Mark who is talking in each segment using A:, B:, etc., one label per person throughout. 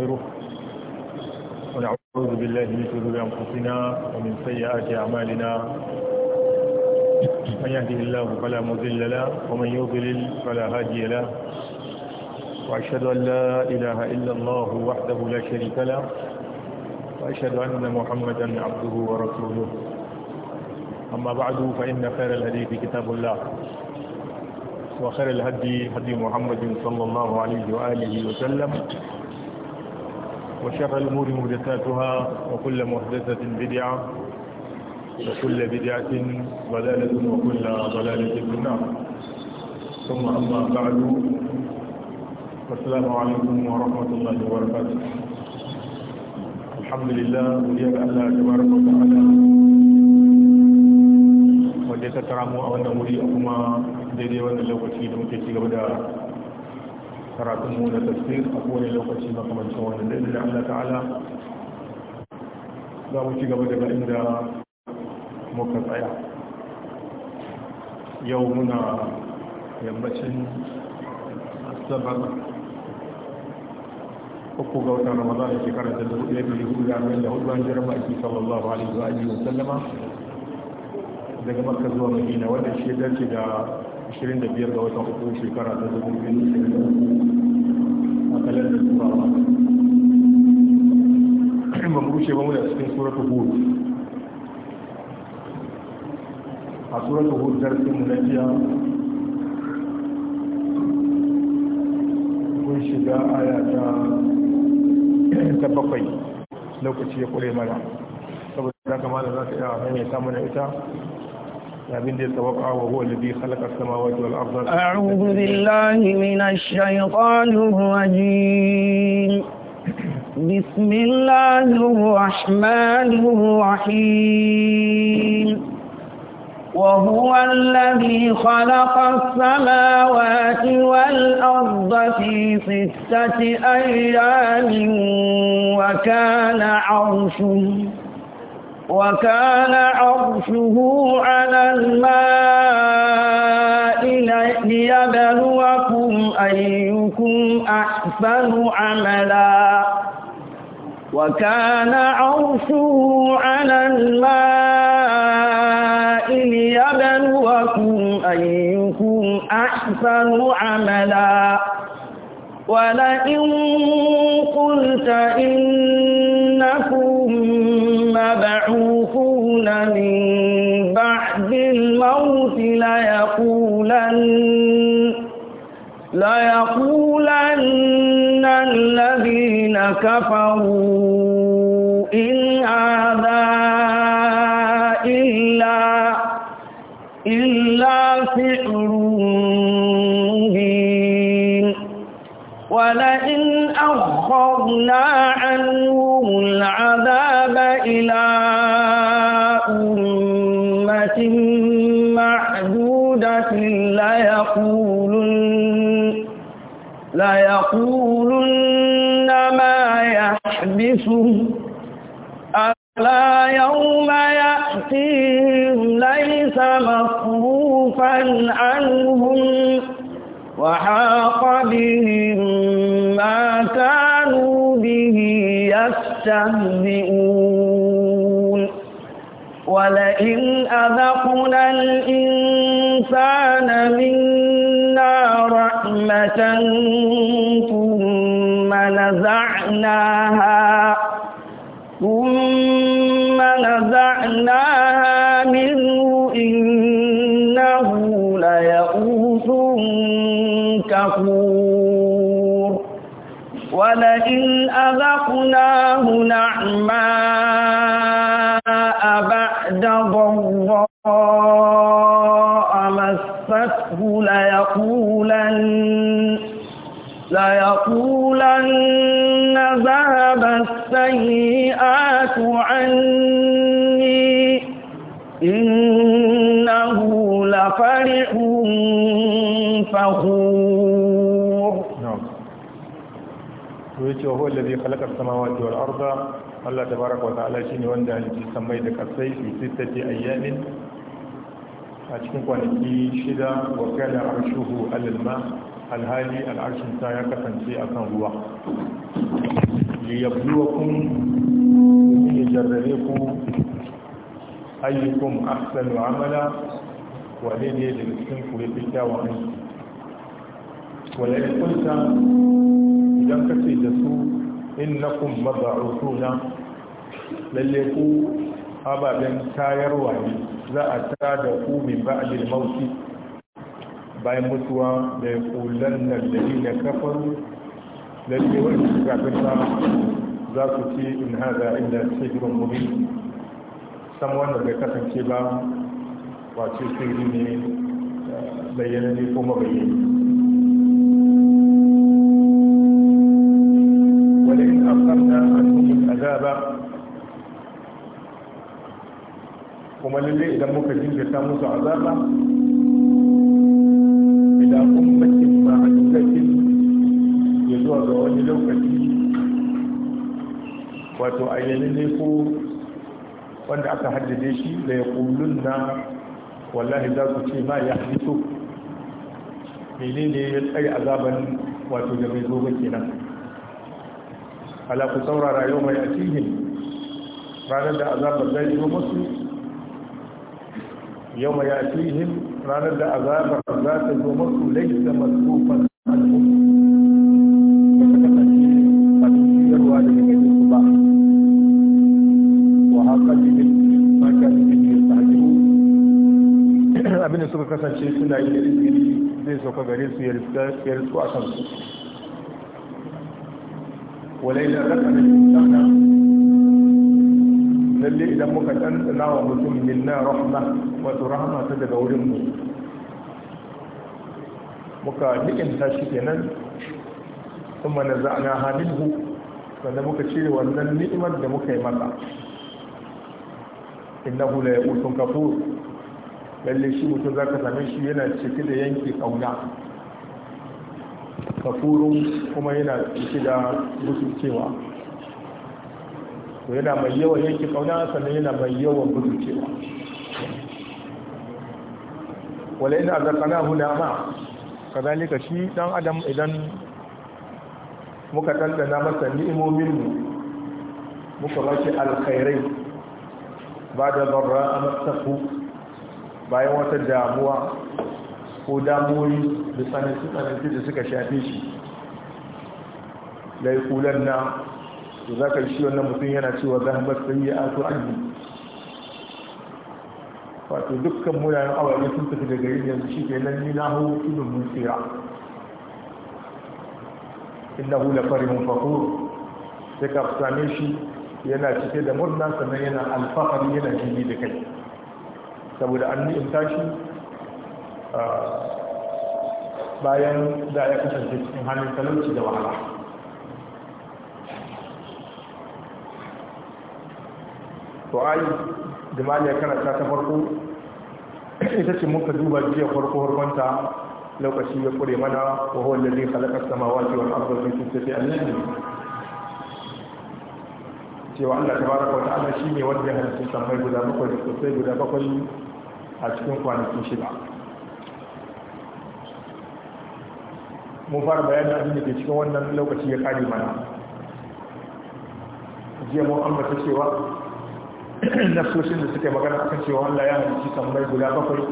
A: ونستغفره ونعوذ بالله من شرور أنفسنا ومن سيئات أعمالنا من يهده الله فلا مضل له ومن يضلل فلا هادي له وأشهد أن لا إله إلا الله وحده لا شريك له وأشهد أن محمدا عبده ورسوله أما بعد فإن خير الهدي كتاب الله وخير الهدي هدي محمد صلى الله عليه وآله وسلم وشر الأمور محدثاتها وكل محدثة بدعة وكل بدعة ضلالة وكل ضلالة في النار ثم أما بعد والسلام عليكم ورحمة الله وبركاته الحمد لله وليك الله تبارك وتعالى wanda ترامو tara mu a wannan wuri a kuma karatun mu da tafsir a kowane lokaci makamancin wannan da inda Allah ta'ala za mu ci gaba daga inda muka tsaya yau muna yammacin asabar uku ga watan ramadan da shekarar da dubu ɗaya biyu hudu da arba'in da hudu an jira baki sallallahu alaihi wa alihi wa sallama daga makka zuwa madina wannan shi ya dace da 25 ga watan uku shekara ta 2023 kalandar turawa ba mu rushe ba muna cikin suratul hud a suratul hud darasin mu na jiya mun shiga aya ta bakwai lokaci ya kure mana saboda haka malam za ka iya hanyar samun ita وهو الذي خلق السماوات والأرض أعوذ بالله
B: من الشيطان الرجيم بسم الله الرحمن الرحيم وهو الذي خلق السماوات والأرض في ستة أيام وكان عرشه وكان عرشه على الماء ليبلوكم أيكم أحسن عملا وكان عرشه على الماء ليبلوكم أيكم أحسن عملا ولئن قلت إنكم مبعوثون من بعد الموت ليقولن ليقولن الذين كفروا إن هذا إلا إلا سحر فأخذنا عنهم العذاب إلى أمة معدودة ليقولن ليقولن ما يحبسه ألا يوم يأتيهم ليس مصروفا عنهم وحاق بهم ما كان تهزئون ولئن أذقنا الإنسان منا رحمة ثم نزعناها ثم نزعناها منه إنه ليئوس كفور ولئن أذقناه نعماء بعد ضراء مسته ليقولن ليقولن ذهب السيئات عني
A: yace huwa allazi khalaqa samawati wal arda Allah tabaaraka wa ta'ala shine wanda yake samai da kasai fi sittati ayyamin a cikin kwanaki shida wa kana arshuhu alal ma al hali al al'arshin ta ya kasance akan ruwa li yabluwakum li jarrabe ayyukum ahsanu amala wa ne ne da cikin ku wa la yaqulta idan ka ce da su innakum na? lalle ku ababen tayarwa ne za a ta da ku min ba'dil mauti bayan mutuwa da kullun nan da ni na kafaru lalle wani suka ba, za su ce in haza illa sihrun mubin san wanda bai kasance ba wace sirri ne eh, bayyana ne ko mabayyana ولئن أخرنا عنهم العذاب kuma lalle idan muka jinkirta musu azaba ila ummatin ma adukatin ya zuwa ga wani lokaci wato ayyanin ne ko wanda aka haddade shi da ya kullun na wallahi za ku ce ma ya hadisu menene ya tsaye azaban wato da mai zo kenan ala ku saurara yau mai atihim ranar da azabar zai zo musu yau mai atihim ranar da azabar za ta zo musu laisa masufan al'umma abinda suka kasance suna yi da zai sauka gare su ya risu a su walaila zakarin insana lalle idan muka tsantsana wa mutum minna rahma wato rahma ta daga wurin mu muka ni'inta shi kenan kuma na za'ana halihu Sannan muka cire wannan ni'imar da muka yi masa innahu la yaqutun kafur lalle shi mutum zaka same shi yana cike da yanki kauna kafurun kuma yana cike da butucewa ko yana mai yawan yake kauna sannan yana mai yawan butucewa wala ina kana huna ma kazalika shi dan adam idan muka tantana masa ni'imomin mu muka shi alkhairai ba da zarra a bayan wata damuwa ko damoyi da tsananci da suka shafe shi lai kulan na za ka shi wannan mutum yana cewa zahabar sun yi ato aji Fato dukkan munayen awaye sun tafi daga yin yanzu shi ke nan ni na hau tudun mun tsira inna hula fari mun fako sai ka same shi yana cike da murna sannan yana alfahari yana jini da kai saboda an ni'imta shi bayan da ya kusurci cikin hannun talauci da wahala to ai da maliyar karanta ta farko ita ce muka duba jiya farko harkonta lokaci ya kure mana wa da zai halakar sama wajen wal arda fi sittati ayyamin cewa Allah tabaraka wa ta'ala shine wanda ya halitta samar guda bakwai sosai guda bakwai a cikin kwanaki shida mun fara bayanin abin da ke cikin wannan lokaci ya kare mana jiya mun ambata cewa na nafsoshin da suke magana akan cewa Allah ya halicci tambayi guda bakwai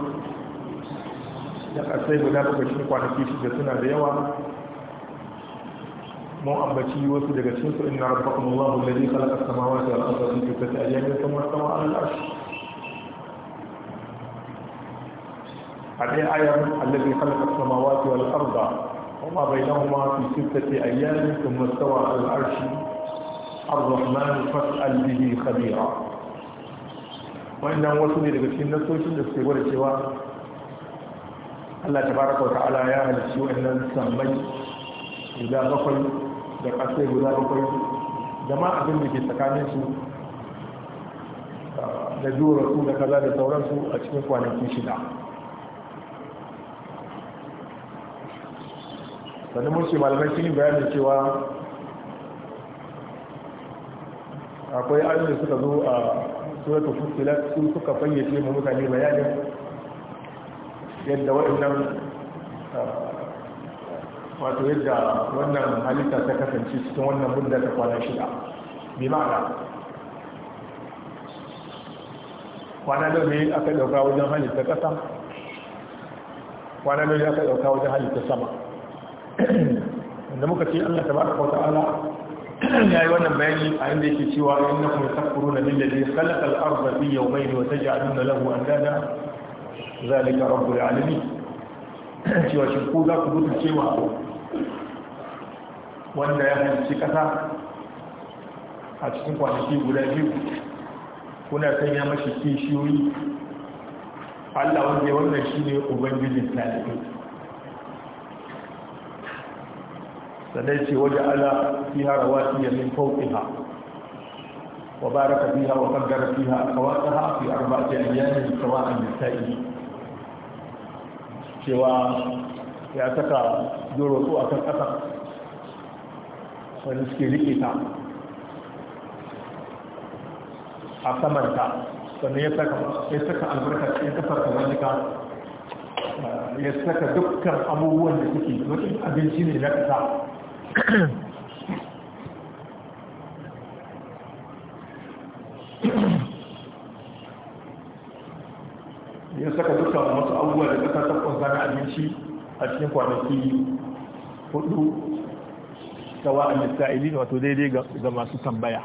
A: da ƙasai guda bakwai cikin kwanaki shi da suna da yawa mun ambaci wasu daga cikin su inna rabbakum Allahu da zai as-samawati wal arda fi sittati ayyamin thumma istawa 'ala al-'arsh a dai ayar alladhi khalaqa as-samawati wal arda وما بينهما في ستة أيام ثم استوى على العرش الرحمن فاسأل به خبيرا وإنه وصل إلى بسم نسوش الاستيوار سوى الله تبارك وتعالى يا أهل السوء إن سمي إذا بقل لقصي إذا بقل جماعة ذنبك تكانيسو da jura su da kaza da sauransu a cikin kwanaki shida sannan mun ce malamai sun yi bayanin cewa akwai ayoyi suka zo a suratul fussilat su suka fayyace mu mutane bayanin yadda waɗannan wato yadda wannan halitta ta kasance cikin wannan bunda ta kwana shida bi ma'ana kwana da ne aka ɗauka wajen halitta ƙasa, kwana da ne aka ɗauka wajen halitta sama da muka ce Allah tabaraka wa ta'ala ya yi wannan bayani a inda yake cewa innakum takfuruna billazi khalaqa al-ardha fi yawmayn wa taj'aluna lahu andada zalika rabbul alamin cewa shi ku za ku gudu cewa wanda ya halicci kasa a cikin kwanaki guda biyu kuna sanya mashi kishiyoyi Allah wanda ya wannan shine ubangijin talibai sannan ce waje ala fiha rawasiya min ha, wa baraka fiha wa qaddara fiha aqwataha fi a arba'ati ayyamin sawa'an lisa'i cewa ya saka doro su akan kasa wani suke rike ta a samanta sannan ya saka albarka cikin kasar kamalika ya saka dukkan abubuwan da suke wajen abinci ne na kasa ya saka a wasu abubuwa da ƙasa ta ƙunsa na abinci a cikin kwanaki hudu wa'an a misra'ili wato daidai ga masu tambaya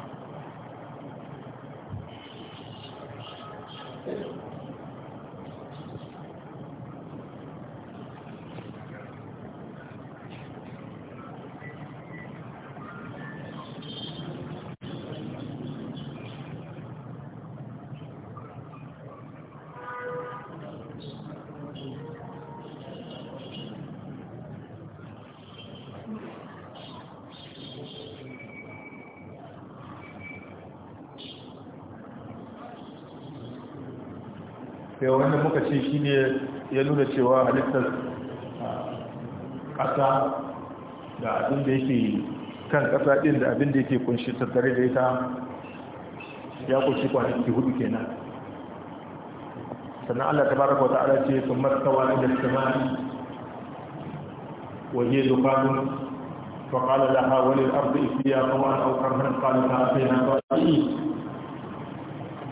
A: ce shi ne ya nuna cewa halittar ƙasa da abin da yake kan ƙasa ɗin da abin da yake kunshi tattare da ita ya kunshi kwanaki hudu kenan sannan allah ta baraka wata ala ce sun martawa inda samani waje zufanun faƙalar laha wani arzu isiya kuma an aukar hannun ƙalin a sai na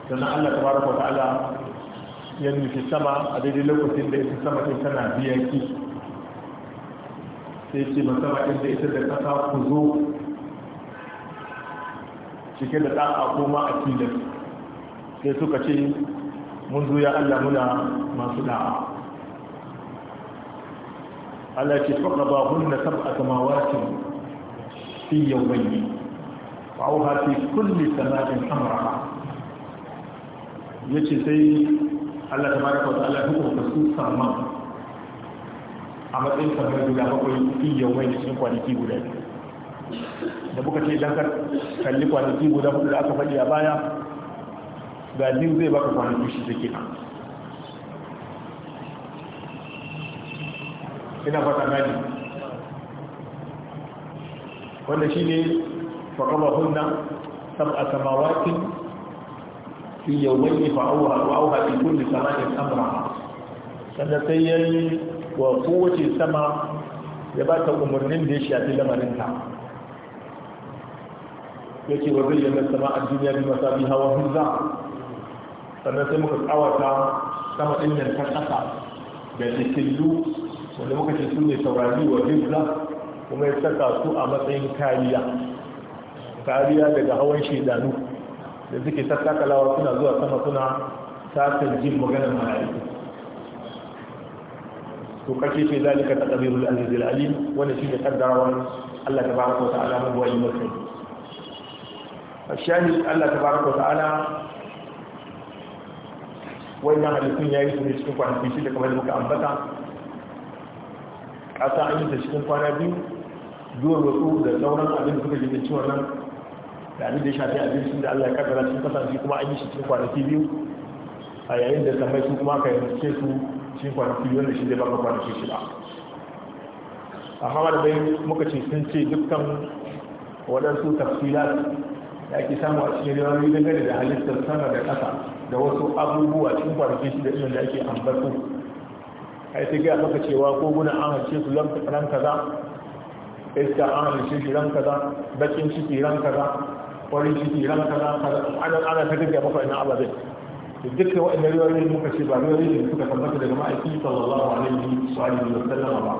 A: sannan allah ta baraka wata ala ya nufi sama a daidai lokacin da ita sama ɗin tana biyan ki sai ce sama ɗin da ita da ƙasa ku zo cike da ɗan a koma a filin sai suka ce mun zo ya Allah muna masu da'a Allah ce faɗa ba a sab'a samawatin fi yawmayni fa'uha kulle kulli samatin amraha yace sai Allah ta baraka wa ta'ala su sama a matsayin saman guda bakwai fi yawai da cikin kwanaki guda da muka ce dan kalli kwanaki guda hudu da aka faɗi a baya ga din zai baka kwanaki shi take nan ina fata gani wanda shi ne qala hunna sab'a samawatin fi yawmayn fa awha fi kulli samanin amra sannan sai yayi wa kowace sama ya ba ta umarnin da ya shafi lamarin ta yake wa bayyana sama a duniya bi masabi hawa huzza sannan sai muka tsawata sama din nan ta kasa da tikillu wanda muka ce su ne saurari wa hizza kuma ya saka su a matsayin kariya kariya daga hawan shedanu da suke tattakalawa suna zuwa sama suna satar jin maganar mala'iku to kake ce zalika taqdirul azizil alim wannan shine kaddarawar Allah ta tabaraka wa ta'ala mu wayi masa shahid Allah ta tabaraka wa ta'ala wannan halittun ya yi su ne cikin kwanaki shi da kamar muka ambata kasa an yi ta cikin kwana biyu zuwa wasu da sauran abin da suka ji da ciwon nan da abin da ya shafi abinci da Allah ya kaddara cikin kasance kuma an yi shi cikin kwanaki biyu a yayin da samai su kuma ka ce su cikin kwanaki biyu wanda shi zai baka kwanaki shida a hawar bai muka ce sun ce dukkan waɗansu tafsila da ake samu a cikin riwayoyi dangane da halittar sama da ƙasa da wasu abubuwa cikin kwanaki shi da da ake ambato ai ta gaya maka cewa koguna an hace su ran kaza iska an hace shi ran kaza bakin ciki ran kaza farin ciki ran kaza ana ana ta gaggaya maka ina ababe to dukkan waɗannan riwayoyi muka ce ba riwayoyi ne suka tabbata daga ma'aiki sallallahu alaihi wa alihi wa sallama ba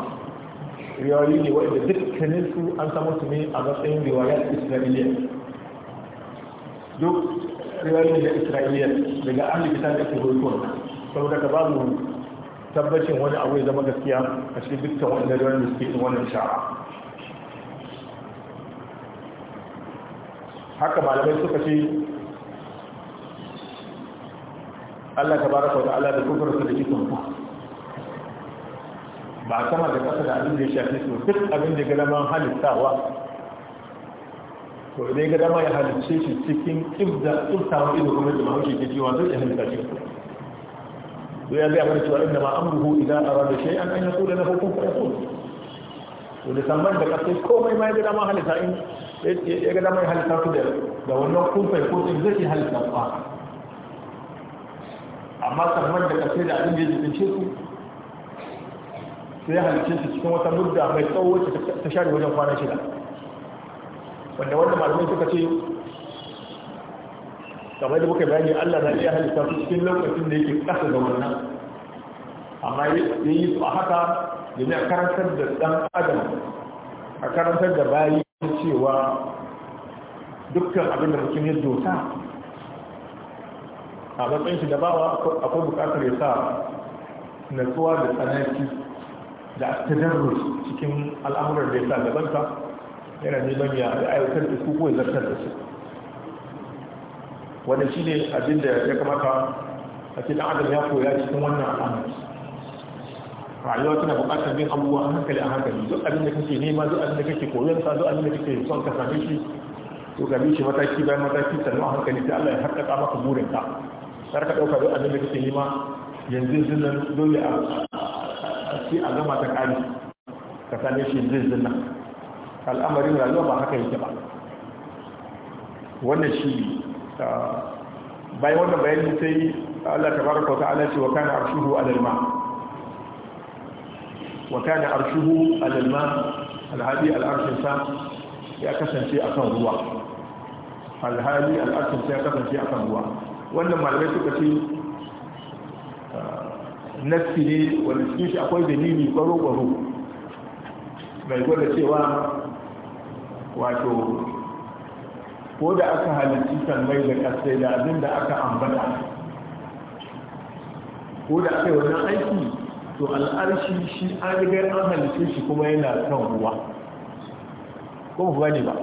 A: riwayoyi ne waɗanda dukkanin su an samu su ne a matsayin riwayat isra'iliya duk riwayoyi ne isra'iliya daga ahli kitab da ke hoto saboda ka babu tabbacin wani abu ya zama gaskiya a cikin dukkan waɗannan riwayoyi da suke wannan sha'a. haka malamai suka ce Allah ta baraka wa ta'ala da kufar su da kitan ku ba a sama da kasa da abin da ya shafi su duk abin da gada man halittawa to idan gada ma ya halicce shi cikin kibda kibtawan ido kuma da mahaushi ke cewa zai halitta shi to ya zai mana cewa inda ma amruhu idan arada shay'an an yaqula lahu kun fayakun to da samban da kasai komai ma ya gada ma halitta in ya ga damar halitta su da wannan kumfai ko in zai halitta su amma sannan da ƙarfi da abin da ya jikince su sai ya halice su cikin wata mudda mai tsawo wacce ta share wajen kwana shida wanda wanda malamai suka ce kamar da muka bayani Allah na iya halitta su cikin lokacin da yake ƙasa da wannan amma ya yi su a haka domin a karantar da ɗan adam a karantar da bayi cewa dukkan abin da mutum ya dota a matsayin shi da bawa akwai bukatar ya sa natsuwa da tsanaki da astadarru cikin al'amuran da ya sa gabanta yana neman ya aiwatar da su ko zartar da su wanda shi ne abin da ya kamata a cikin adam ya koya cikin wannan al'amuran rayuwa tana buƙatar bin abubuwa a hankali a hankali duk abin da kake nema duk abin da kake koyon sa duk abin da kake son ka same shi to ga shi mataki bayan mataki sannan a hankali sai Allah ya haƙƙaƙa maka burin ka kar ka ɗauka duk abin da kake nema yanzu zinnan dole a sai a gama ta ƙari ka same shi yanzu zinnan al'amarin rayuwa ba haka yake ba wannan shi ah, bayan wannan bayani sai Allah tabaraka wa ta'ala ce wa kana arshuhu alal ma' wa kana arshuhu al-ma alhali ya kasance akan ruwa alhali al-arshin ya kasance akan ruwa wannan malamai suka ce ah, nafsi ne wanda cikin shi akwai dalili kwaro-kwaro mai gwada cewa wato ko da aka halitti sammai da kasai da da aka ambata ko da aka yi wannan aiki to al'arshi shi an riga an halittu shi kuma yana kan ruwa ko ba ne ba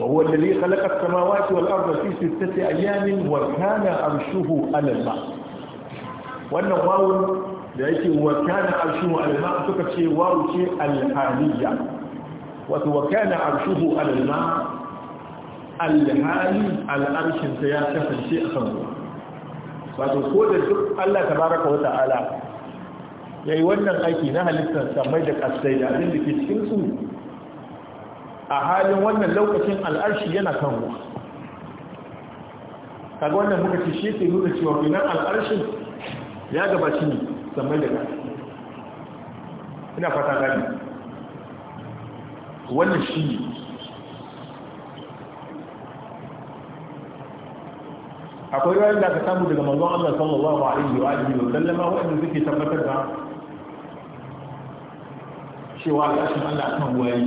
A: وهو الذي خلق السماوات والأرض في ستة أيام وكان أرشه على الماء وأن واو لأيك وكان أرشه على الماء تكتشي واو شيء الحالية وكان أرشه على الماء الحالي الأرش سياسة شيء خمسة wato ko da duk Allah tabaraka wa ta'ala yayi wannan aiki na halittar samai da kasai da abin da ke cikin su a halin wannan lokacin al'arshi yana kan ruwa kaga wannan muka ce shi ke nuna cewa kenan al'arshin ya gabaci ne samai da kasai ina fata gani wannan shi ne akwai rayuwar da aka samu daga manzon Allah sallallahu alaihi wa alihi wa sallam wa wanda suke tabbatar da cewa gashin Allah kan waye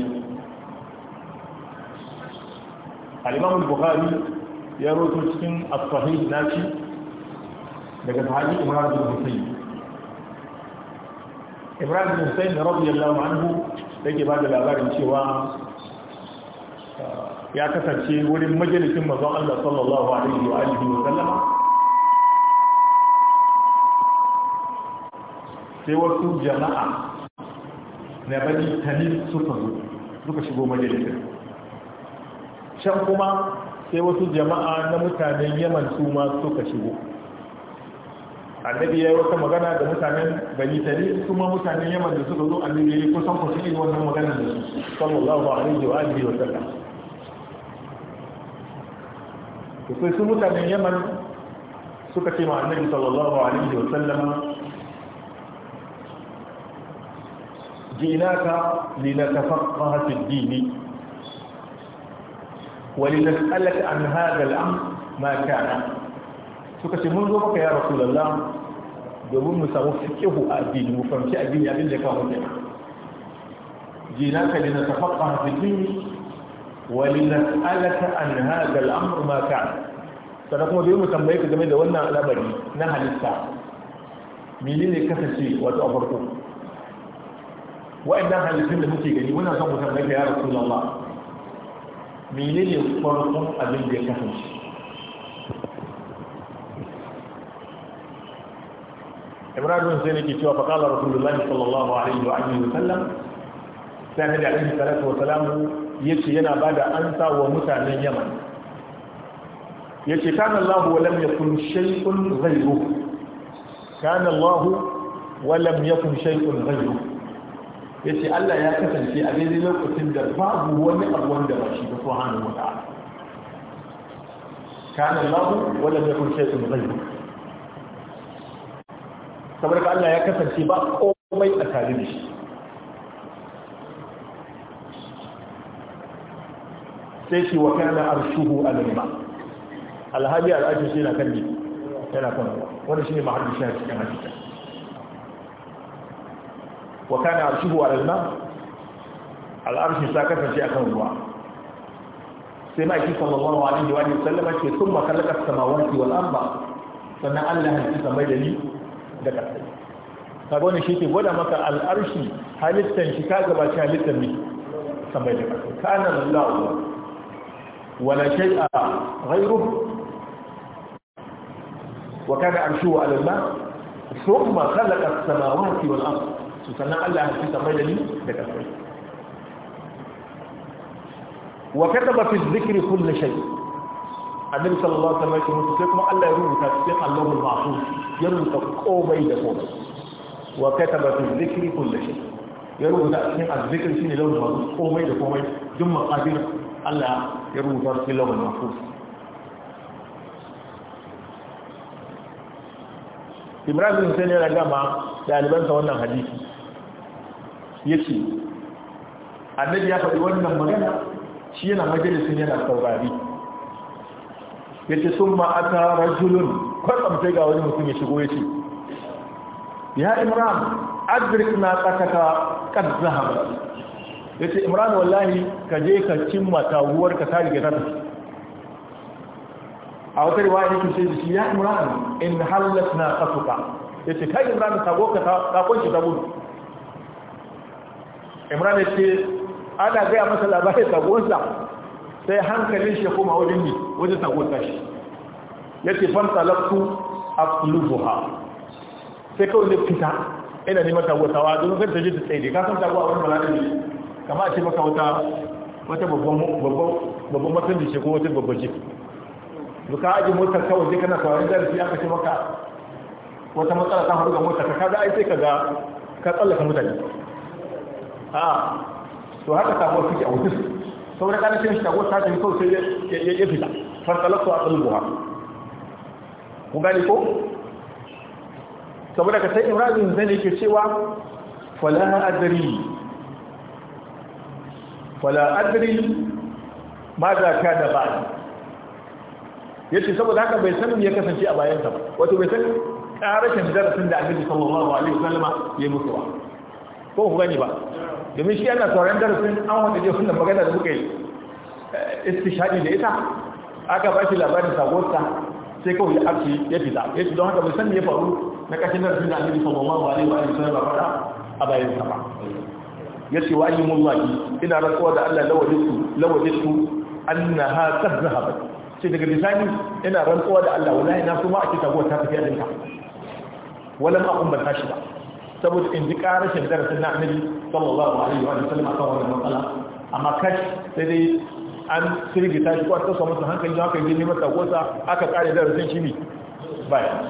A: al-Imam bukhari ya rawaito cikin as-sahih nashi daga sahabi Umar bin Husayn Ibrahim bin Husayn radiyallahu anhu yake ba da labarin cewa ya kasance wurin majalisin mazan Allah sallallahu alaihi wa alihi wa sallama sai wasu jama'a na bani tanin suka zo suka shigo majalisin can kuma sai wasu jama'a na mutanen yaman su ma suka shigo annabi ya yi wata magana da mutanen bani tare su ma mutanen yaman da suka zo annabi ya yi kusan kusan wannan magana da su sallallahu alaihi wa alihi wa sallam to sai su mutanen yaman suka ce ma annabi sallallahu alaihi wasallam jinaka linatafaqaha fi ad wa linas'alaka an hadha al-amr ma kana suka ce mun zo maka ya rasulullah domin mu samu fiqhu a addini mu fahimci addini abin da ka hukunta jinaka linatafaqaha fi ad ولنسألك عن هذا الأمر ما كان سنقوم اليوم تنبيك جميلة وانا لبني نهى للساعة من لين كفشي وتأفركم وإن نهى للسنة مسيقني وانا صنب تنبيك يا رسول الله من لين يفركم أبين دي كفشي إمرأة بن سينيكي شوى فقال رسول الله صلى الله عليه وآله وسلم سيدي عليه الصلاة والسلام yace yana bada ansa wa mutanen yaman yace kana Allah wa lam yakun shay'un ghayru kana Allah wa kun shaikun shay'un ghayru yace Allah ya kasance a daidai lokacin da babu wani abu wanda ba shi ba subhanahu wata. ta'ala kana Allah wa kun shaikun shay'un ghayru saboda Allah ya kasance ba komai a tare da shi sai shi wa kana arshuhu al-ma alhaji al-arshu shi na kan ne yana kan wanda shine mahallin shi a cikin hadisi wa kana arshuhu al-ma al-arshu sa kasance akan ruwa sai ma ki sallallahu alaihi wa sallama ce thumma khalaqa as-samawati wal arda sannan Allah halitta samai da ni da ƙasai kaga wani shi ke gwada maka al'arshi halittan shi ka gabaci halittan ne samai da ƙasai ka ana lallahu ولا شيء غيره وكان عرشه على الماء ثم خلق السماوات والأرض سبحان الله في سميني لكفر وكتب في الذكر كل شيء النبي صلى الله عليه وسلم كما الله يروي تفسير الله المعصوم يروي قومي لقوم وكتب في الذكر كل شيء يروي تفسير الذكر شيء لو قومي لقومي ثم قادر Allah ya rubuta cikin lawan mafus Ibrahim sai yana gama ɗalibansa wannan hadisi ce. annabi ya faɗi wannan magana shi yana majalisin yana saurari yace sun ata rajulun kwatsam ga wani mutum ya shigo yace ya Imran adrik na tsakaka kad zahabat ya ce imran wallahi ka je ka cimma taguwar ka ta riga ta a wata riwaya ya ce da shi ya imran in hallat na kasuka ya ce kai imran tago ka ta kunshi ta gudu imran ya ce ana gaya masa labarin tagonsa sai hankalin shi kuma wajen ne wajen tagonsa shi ya ce fanta a absolubuha sai kawai ne fita ina neman tagonsa wa don kai ta je ta tsaye ka san tagonsa wani malaka ne kama a ce maka wata babban matan da ko wata babban jiki duka aji motar kawai je kana saurari darasi aka ce maka wata matsala ta haru ga motar ka da ai sai ka ga ka tsallaka mutane a to haka samuwa fiye a wutar sau da ce shi ta wata ta kawai sai ya fita fantalaktu a buwa Ku gani ko saboda ka sai imrazin ne ke cewa falaha adari wala adri maza ka da ba yace saboda haka bai san ya kasance a bayan ta ba wato bai san karashin darasin da Annabi sallallahu alaihi wasallam ya musu ba ko ku gani ba domin shi ana sauran darasin an wanda je sunna magana da muka yi eh, istishadi da ita aka ba shi labarin sagonsa sai kawai ya arci ya fita yace ce don haka bai san ya faru na kashin darasin da Annabi sallallahu alaihi wasallam ba a bayan ta ba Ya ce wa ayyimullahi ina rantsuwa da Allah lawajtu lawajtu annaha qad zahabat sai daga bisani ina rantsuwa da Allah wallahi na kuma a kita ta tafiya din ka wala ma kun bata ba saboda in ji karashin darasin na annabi sallallahu alaihi wa sallam akan wannan matsala amma kash sai dai an sirgita tashi ko ta samu hankali haka yi neman sakonsa aka kare darasin shi ne baya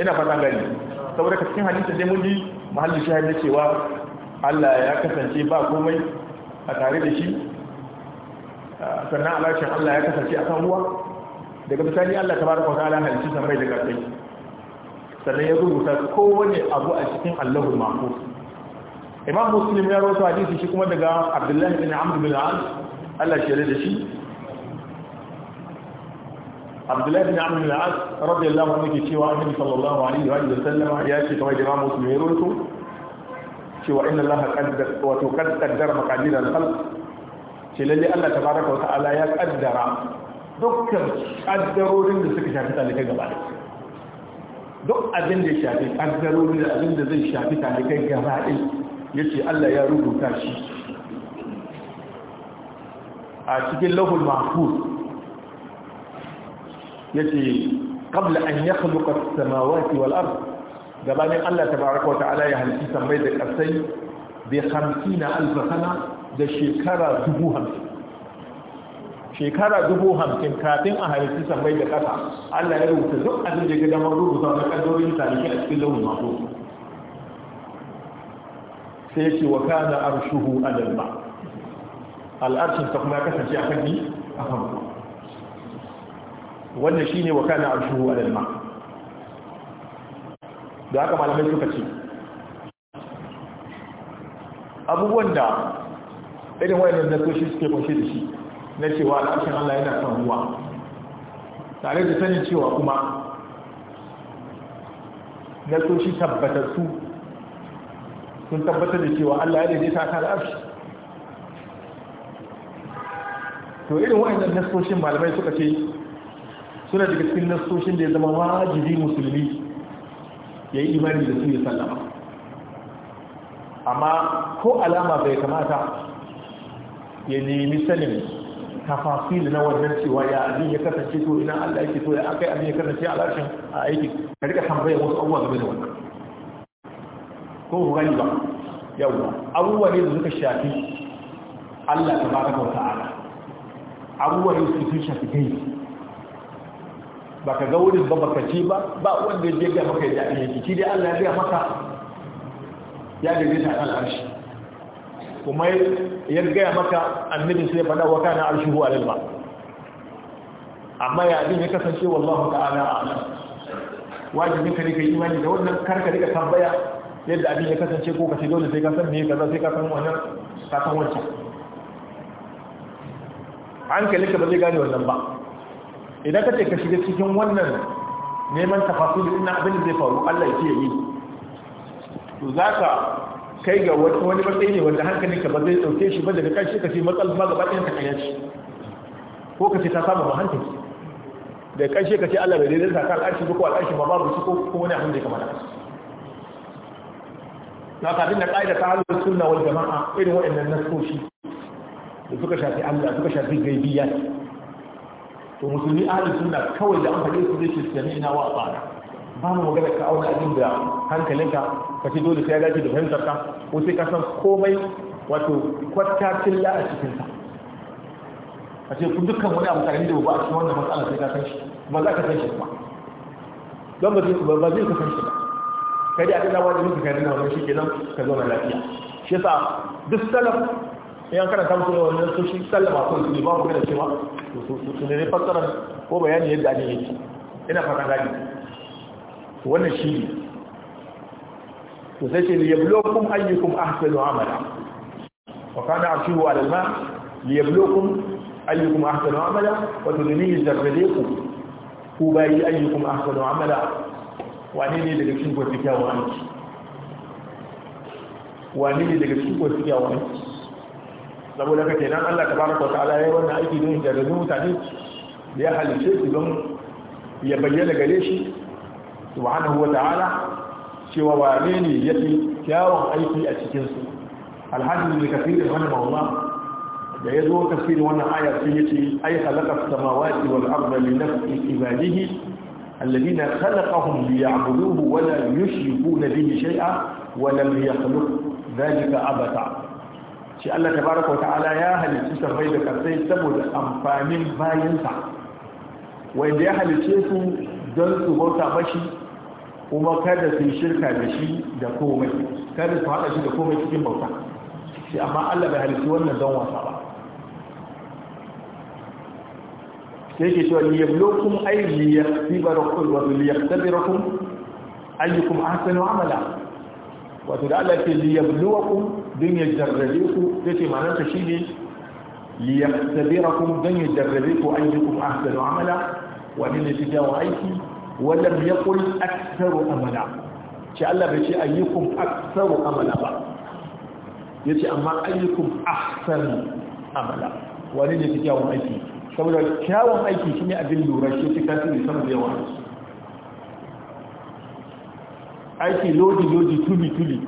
A: ina fata gani saboda ka cikin halittar dai mun yi mahallin shahar da cewa Allah ya kasance ba komai a tare da shi sannan alashin Allah ya kasance a kan ruwa daga misali Allah ta baraka wata ala halittu san da ƙarfi sannan ya rubuta kowane abu a cikin Allahul Mahfuz Imam Muslim ya rawaito hadisi shi kuma daga Abdullahi bin Amr bin Al Allah shi da shi عبد الله بن عمرو بن العاص رضي الله عنه كي شيوا النبي صلى الله عليه واله وسلم يا شي كما مسلمين يرونكو شيوا ان الله قد وتقد مقادير الخلق شي للي الله تبارك وتعالى يا قدر دكتور قدروا لي سك شافي تعالى كي غبا دك ادين دي شافي قدروا لي ادين دي زي شافي تعالى كي غبا يجي الله يا روح كاشي a cikin lahul mahfuz yace qabla an yakhluqa as-samawati wal ard gabanin Allah tabaraka wa ta'ala ya halitta sammai da kasai bi na alfahana, da shekara dubu hamsin. shekara dubu hamsin kafin a halitta sammai da kasa Allah ya rubuta duk abin da ya ga damar rubuta na kaddorin tarihi a cikin launin mahfuz sai ya ce wa kana arshuhu ala al-ma al-arshin ta kuma kasance a akan ni akan wannan shi ne wa kana arshuhu a dalma da haka malamai suka ce abubuwan da irin wayannan nasoshi suke kunshe da shi na cewa al'arshin Allah yana kan ruwa tare da sanin cewa kuma nasoshi tabbatattu sun tabbatar da cewa Allah ya sata kan al'arshi to irin waɗannan nasoshin malamai suka ce suna daga cikin nasoshin da ya zama wajibi musulmi ya yi imani da su ya sallama amma ko alama bai kamata ya nemi sanin tafasil na wannan cewa ya abin ya kasance to ina Allah yake to ya akai abin ya kasance a lashin a aiki ka rika tambaya wasu abubuwa game da wannan ko gani ba yawa abubuwa ne da suka shafi Allah ta baraka wa ta'ala abubuwa ne su shafi gaibi ba ka ga wurin ba baka ci ba ba wanda ya ga maka ya ji yake shi dai Allah ya ga maka ya ga bisa kan arshi kuma ya ga maka annabi sai fada wa kana arshi huwa lil ba amma ya din ya kasance wallahu ta'ala a'lam wajibin ka ne kai imani da wannan karka rika tambaya yadda abin ya kasance ko ce dole sai ka san me kaza sai ka san wannan ka san wancan hankalinka ba zai gane wannan ba idan ka ce ka shiga cikin wannan neman tafasiri ina abin da zai faru Allah ya ce yi to za ka kai ga wani matsayi ne wanda ka ba zai ɗauke shi ba daga ƙarshe ka ce matsalar ma gaba ɗayan ta kanya ce ko ka ce ta samu ma hankali da ƙarshe ka ce Allah bai daidai ta kan arshi ba ko al'arshi ba babu shi ko wani abin da ya kamata na kafin na ƙa'ida ta halin sunna wal jama'a irin waɗannan nasoshi da suka shafi Allah suka shafi gaibiyya to musulmi ahalin suna kawai da an faɗe su zai ce sami ina wa ba ba mu magana ka auna abin da hankalinka ka ce dole sai ya dace da fahimtar ka ko sai ka san komai wato kwattacin killa a cikin ka. a ce ku dukkan wani abu tare da ba a cikin wannan matsala sai ka san shi kuma za ka san shi kuma don ba zai ka san shi ba kai da a da wajen ka kai da wannan shi kenan ka na lafiya shi yasa duk salaf yan karanta musu da wannan su shi sallama ko su ba mu da cewa su ne fassara ko bayani yadda ne yake ina fata gani wannan shi ne to sai ce liyablukum ayyukum ahsanu amala wa kana ashiru ala alma liyablukum ayyukum ahsanu amala wa tudnihi zarradikum ku ku bayi ayyukum ahsanu amala wane ne daga cikin ku kyakkyawan aiki wane ne daga cikin ku kyakkyawan aiki saboda haka kenan Allah tabaraka wa ta'ala yayi wannan aiki don ya gazu mutane da ya halice su don ya bayyana gare shi subhanahu wa ta'ala cewa wane ne yafi kyawun aiki a cikin su alhaji ne kafirin wannan mawla da ya zo tafsirin wannan aya sai yace ai khalaqa samawati wal arda li nafsi ibadihi alladhina khalaqahum liya'buduhu wa la yushrikuna bihi shay'a wa lam yakhluq dhalika abata shi Allah ta tabaraka ta'ala ya halicci sabai da kasai saboda amfanin bayansa wanda ya halicce su don su bauta mashi kuma kada su shirka da shi da komai kada su haɗa shi da komai cikin bauta shi amma Allah bai halicci wannan don wasa ba sai ke cewa liyablokum ay liyaktabirakum wa liyaktabirakum ayyukum ahsanu amala wato da Allah ke liyabluwakum don ya jarrabe ku ya ce manarsa shi ne liyastabirakum don ya jarrabe ku ayyukum ahsanu amala wani ne fi jawo aiki wallam yaqul aktsaru amala ce Allah bai ce ayyukum aktsaru amala ba yace amma ayyukum ahsanu amala wani ne fi jawo aiki saboda kyawun aiki shine abin lura shi fi tasiri sama da yawa aiki lodi lodi tuli tuli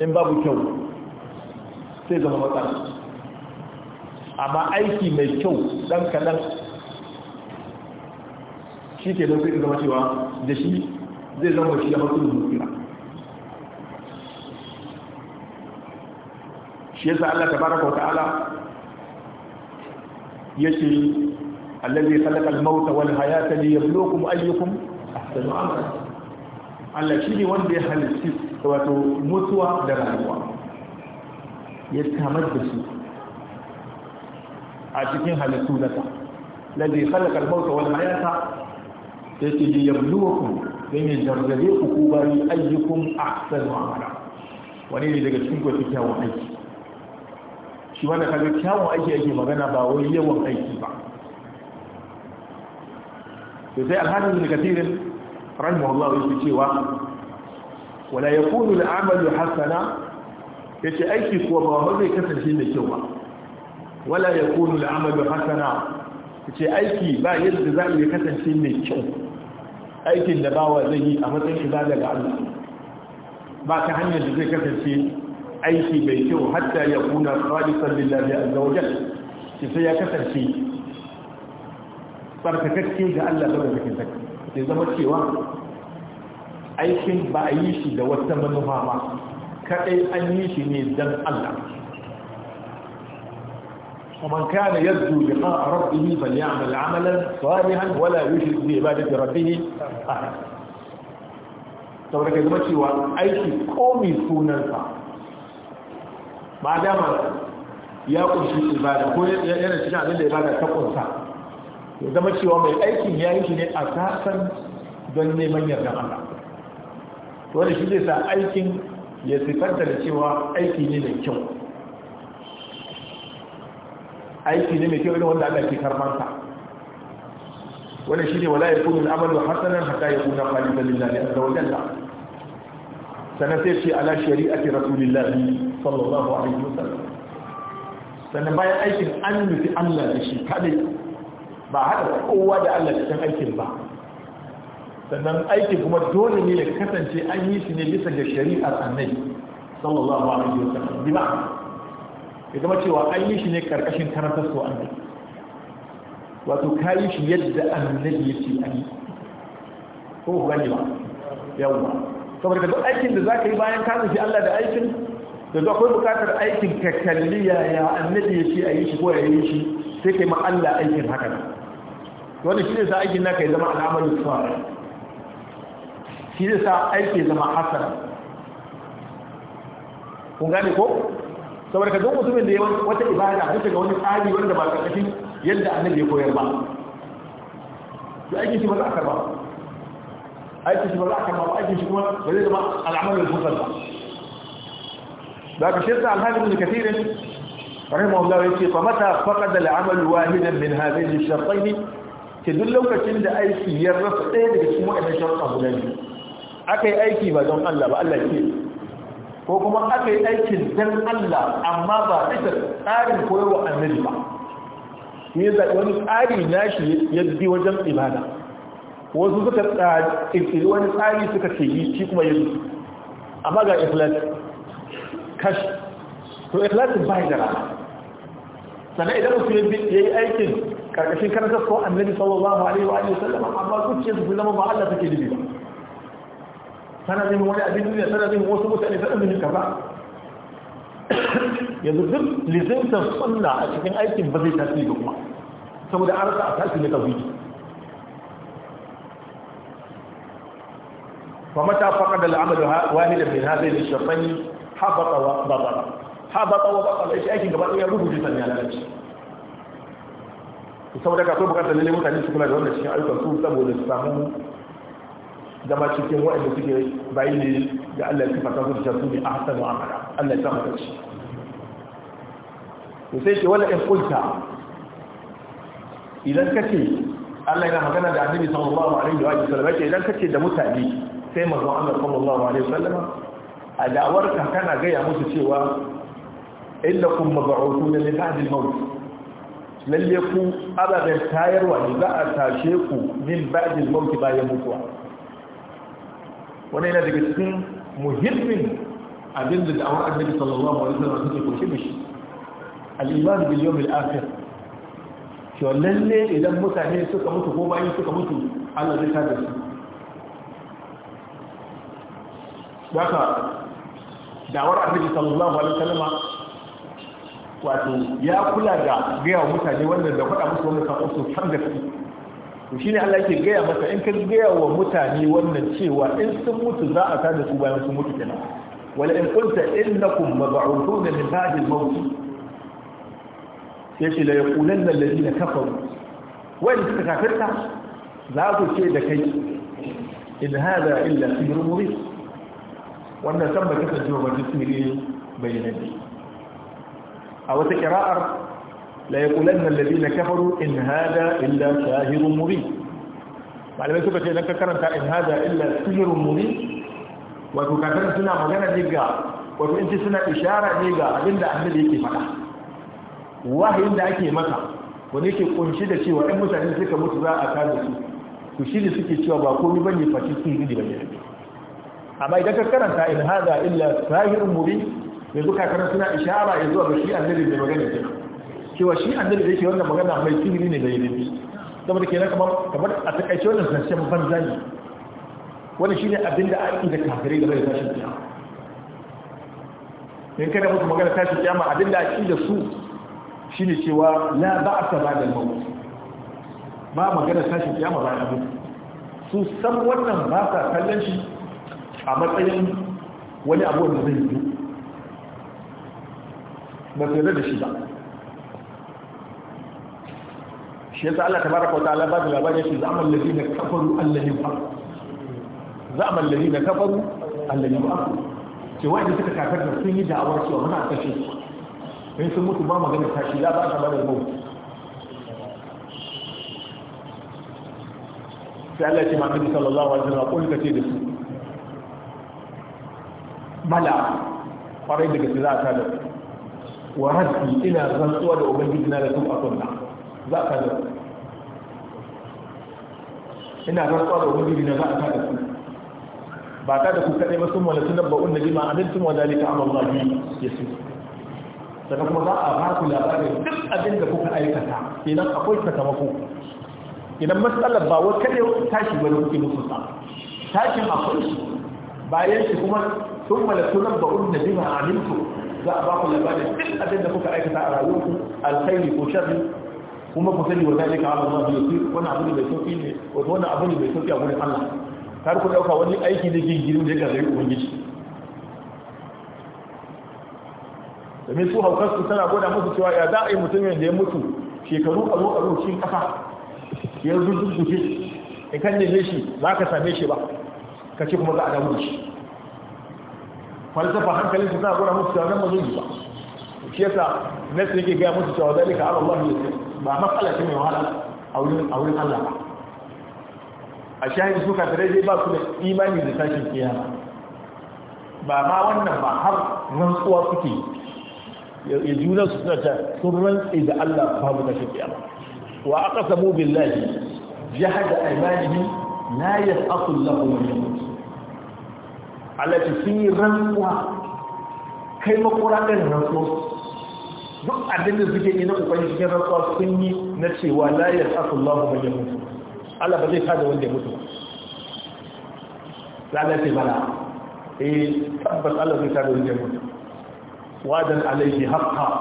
A: in babu kyau sai zama matsala amma aiki mai kyau dan kadan shi ke don sai zama cewa da shi zai zama shi ya matsalin mutira shi yasa Allah tabaraka wa ta'ala yace allazi khalaqa al-mauta wal hayata liyabluwakum ayyukum ahsanu amala Allah shi ne wanda ya halitta wato mutuwa da rayuwa ya samar da su a cikin halittu na ta lalai halakar mauta wani hayata da ke yi yabluwaku don ya jargare ku ku bari ayyukun a sanu amara wani ne daga cikin kwafi kyawun aiki shi wanda kaga kyawun aiki ake magana ba wai yawan aiki ba to sai alhaji ne katirin rahimahullah yake cewa wala yakunu al-amalu hasana yace aiki kuwa ba ba zai kasance da kyau ba wala yakunu al'amalu hasana yace aiki ba yadda za mu kasance mai kyau aikin da bawa zai yi a matsayin ibada ga Allah ba ta hanyar da zai kasance aiki mai kyau hatta ya kuna khalisan lillahi azza wa sai ya kasance barkakakke ga Allah ba da kake zama cewa aikin ba a yi shi da wata manufa ba Kaɗai an yi shi ne dan Allah ومن كان يرجو لقاء ربه فليعمل عملا صالحا ولا يشرك بعبادة ربه أحدا saboda ka zama cewa aiki komi sunansa ba dama ya kunshi ibada ko yana cikin abin da ibada ta kunsa ya zama cewa mai aikin ya yi shi ne a sasan don neman yarda Allah to wanda shi sa aikin ya sifanta da cewa aiki ne mai kyau aiki ne mai kyau irin wanda Allah ke karban sa wanda shine wala ya yakunu al-amalu hasanan hatta yakuna khalidan lillahi azza wa da. Sannan sai ce ala shari'ati rasulillahi sallallahu alaihi wasallam sannan bayan aikin an nufi Allah da shi kadai ba haɗa kowa da Allah da cikin aikin ba sannan aiki kuma dole ne ya kasance an yi shi ne bisa ga shari'ar annabi sallallahu alaihi wasallam bi ma'ana ya zama cewa an yi shi ne karkashin karantar su annabi wato ka yi shi yadda annabi ya ce an yi ko ku gani ba yawwa saboda da duk aikin da za ka yi bayan ka nufi Allah da aikin da zuwa akwai bukatar aikin ka kalli yaya annabi ya ce a yi shi ko ya yi shi sai ka yi ma Allah aikin haka nan wannan shi ne sa aikin naka ya zama al'amalin tsara shi zai sa aiki zama hasana kun gane ko saboda ka don mutumin da ya wata ibada bisa ga wani tsari wanda ba karkashin yadda annabi ya koyar ba to aikin shi ba za a karba aikin shi ba za a karba ba aikin shi kuma ba zai zama al'amalin hukar ba da ka shirta alhajin da kafirin رحمه الله يقول فمتى فقد العمل واحدا من هذين الشرطين تدل لوكاشين da aiki ya rasa ɗaya daga cikin waɗannan sharuɗa guda biyu aka yi aiki ba don Allah ba Allah ke ko kuma aka yi aikin don Allah amma ba bisa tsarin koyarwa annabi ba ne zaɓi wani tsari nashi ya bi wajen ibada wasu suka tsari wani tsari suka ke yi shi kuma yanzu. amma ga iflas kash to iflasin ba da rana sannan idan mutum ya yi aikin karkashin karnatar ko annabi sallallahu alaihi wa sallama amma zuciyarsu zama ba Allah take dubi ba tana zai wani abin duniya tana zai wasu mutane tana zai ba yanzu duk lizintar sunna a cikin aikin ba zai tafi ba kuma saboda an rasa a tafi na tawhidi fa mata faqad al amal wahid min hadhihi al shaytan habata wa batala habata wa batala shi aikin gaba ɗaya rubuce sannan ya lalace saboda ka so bukatar lalle mutane su kula da wannan cikin ayyukan su saboda su samu zama cikin waɗanda suke bayi ne da Allah ya fata su da a ne wa amala Allah ya sa mu shi to sai ke wala in kunta idan ka ce Allah yana magana da Annabi sallallahu alaihi wa sallam yake idan ka ce da mutane sai manzon Allah sallallahu alaihi wa sallam a ka kana gaya musu cewa innakum mab'uthuna min ba'di al-maut lalle ku ababen tayarwa ne za a tashe ku min ba'dil mauti bayan mutuwa wani yana daga cikin muhimmin abin da da'awar annabi sallallahu alaihi wasallam take kunshe da shi al-iman bil yawm al-akhir cewa lalle idan mutane suka mutu ko bayan suka mutu Allah zai tada su daga da'awar annabi sallallahu alaihi wasallam wato ya kula da gaya mutane wannan da faɗa musu wannan sakon su san gaskiya to shine Allah yake gaya masa in ka gaya wa mutane wannan cewa in sun mutu za a tada su bayan sun mutu kenan wala in kunta innakum mab'uthuna min ba'di al-maut sai shi la yaqulanna alladhina kafaru wa in suka kafirta za ku ce da kai in hada illa sihrun mubin wannan san ba kasance ba sihiri bayyana a wata kira'ar ليقولن الذين كفروا إن هذا إلا شاهر مبين معلمين سبت لأنك كرمت إن هذا إلا شاهر مبين وكفرنا سنة مجانا جيجا وكفرنا سنة إشارة جيجا عند أهل يكي مكا وهي عند أكي مكا ونيكي قنشيدة شي وإن موسى عند سيكا موسى أكاد شي كشيدة سيكي شي وباكو مباني فاتيسي جدي بني أما إذا كرمت إن هذا إلا شاهر مبين يقول كفرنا سنة إشارة يزوى بشي أهل يكي مكا cewa shi an da yake wannan magana mai kibiri ne da yi saboda kenan kamar kamar a takaice wannan zancen banza ne wani shi ne abin da aiki da kafirai da bai tashin kiyama in kada mutu magana tashin kiyama abin da aiki da su shine cewa ba a ba da mawu ba magana tashin kiyama ba abin su san wannan ba sa kallon shi a matsayin wani abu wanda zai yi ba sai da shi ba شيخ الله تبارك وتعالى بدل بدل في زعم الذين كفروا الذي يفر زعم الذين كفروا الذي يفر في واحد يسكت كافر في نجا أول شيء ومنع تشيك من سموت ما مجد تشيك لا بأس بعد الموت سألت الله محمد صلى الله عليه وسلم أقول كثير بلى قريب كثير ذات هذا ورد إلى غنطوة أبنجدنا لكم أطلع za ka da ina rantsuwa da ubangiji na za a ta da ku ba ta da ku kaɗai ba sun wala ba'un na unna jima abin sun wala lika amma ba bi ya su daga kuma za a ba ku labarin duk abin da kuka aikata idan akwai sakamako idan matsalar ba wai kaɗai tashi wani kuke musu sa tashin akwai shi bayan shi kuma sun wala sun ba'un na jima abin su za a ba ku labarin duk abin da kuka aikata a rayuwarku alkhairi ko sharri kuma ku sani wa zalika ala Allah yusir wannan abu ne mai sauki ne wato wani abu ne mai sauki a gurin Allah kar ku dauka wani aiki da ke girin da yake zai ubangiji domin su haukar su tana gwada musu cewa ya za a yi mutum yadda ya mutu shekaru a zo a zo cikin ƙasa ya zurgurguje in kan ne shi za ka same shi ba ka ce kuma za a damu shi falsafa hankalin su tana gwada musu cewa nan mazuji zai yi ba shi yasa nasu yake gaya musu cewa ka ala Allah yusir ba matsala ce mai wahala a wurin Allah ba a shahidi su kafirai zai ba su da imani da tashin kiyama ba ma wannan ba har rantsuwa suke ya juna su suna ta sun rantsi da Allah babu tashin kiyama wa aka samu billahi jahada aimanihi la yas'aqu lahu min yamut Allah sun yi rantsuwa kai makura ɗin rantsuwa duk abin da suke yi na kokari cikin rantsuwa sun yi na cewa la yasafu Allah man yamutu Allah ba zai kada wanda ya mutu ba la sai bala eh tabbas Allah zai kada wanda ya mutu wadan alaihi haqqan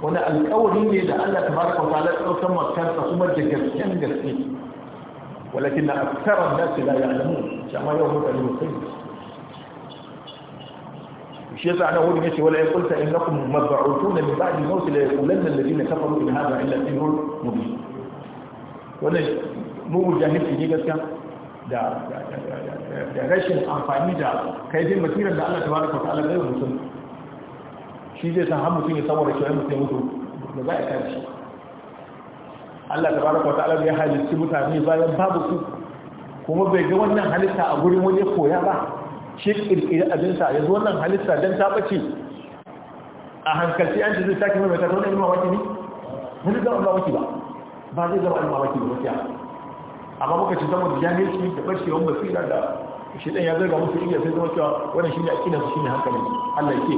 A: wani alƙawari ne da Allah tabaraka wa ta'ala ɗaukar makarsa kuma da gasken gaske walakin na aksarar da su la ya'lamu jama'a yau mutane mutum shi yasa ana wurin yace wala yaqulta innakum mab'utuna min ba'di mawt la yaqulanna alladhina kafaru in hadha illa sihrun mubin wannan mu mujahidi ne gaskiya da da rashin amfani da kaifin basirar da Allah tabaraka wa ta'ala bai mutum shi zai san har mutum ya samu da cewa mutum mutu da za a kare shi Allah tabaraka wa ta'ala ya halitta mutane bayan babu su kuma bai ga wannan halitta a gurin wani koya ba shi kirkiri abinsa yanzu wannan halitta don ta ɓace a hankalci an ce zai sake mai ta zaune ilma waki ne wani zama ilma waki ba ba zai zama ilma waki ba wakiya amma muka ci zama da jami'ci da ɓarkewar basira da shi ɗan ya zarga musu iya sai zama cewa wannan shi ne a ƙinansu shi ne hankalin allah ke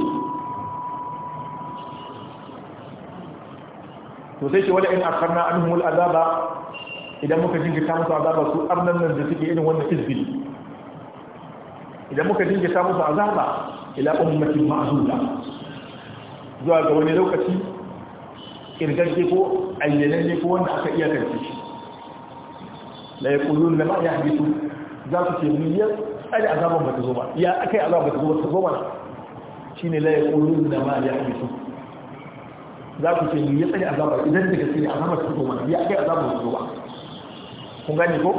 A: to sai ce wani in akarna an humul azaba idan muka jinkirta musu azaba su arnan nan da suke irin wannan izbili idan muka samu musu azaba ila ummatin ma'duda zuwa ga wani lokaci ke ko ayyanan ne ko wanda aka iya karfi shi la yaqulun lama yahdithu za su ce mun yar ai azaban bata zo ba ya akai azaban bata zo ba ta zo ba shine la yaqulun lama yahdithu za ku ce ya tsare azaba idan daga cikin azaban ta zo mana ya azaban ba ta zo ba kun gane ko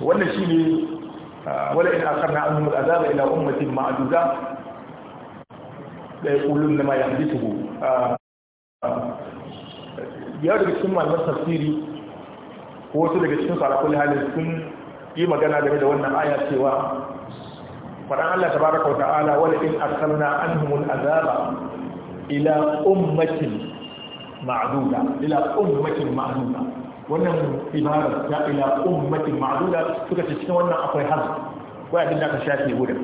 A: wannan shine wala in akarna annum al'azaba ila ummatin ma'duda da yaqulun ma yahdithu ya daga cikin malaman tafsiri ko wasu daga cikin sarakun halin sun yi magana game da wannan aya cewa faɗan Allah tabaraka wa ta'ala wala in akarna annum al'azaba ila wannan ibara ta ila ummatin ma'duda suka ce cikin wannan akwai hazf wa abin da aka shafe guda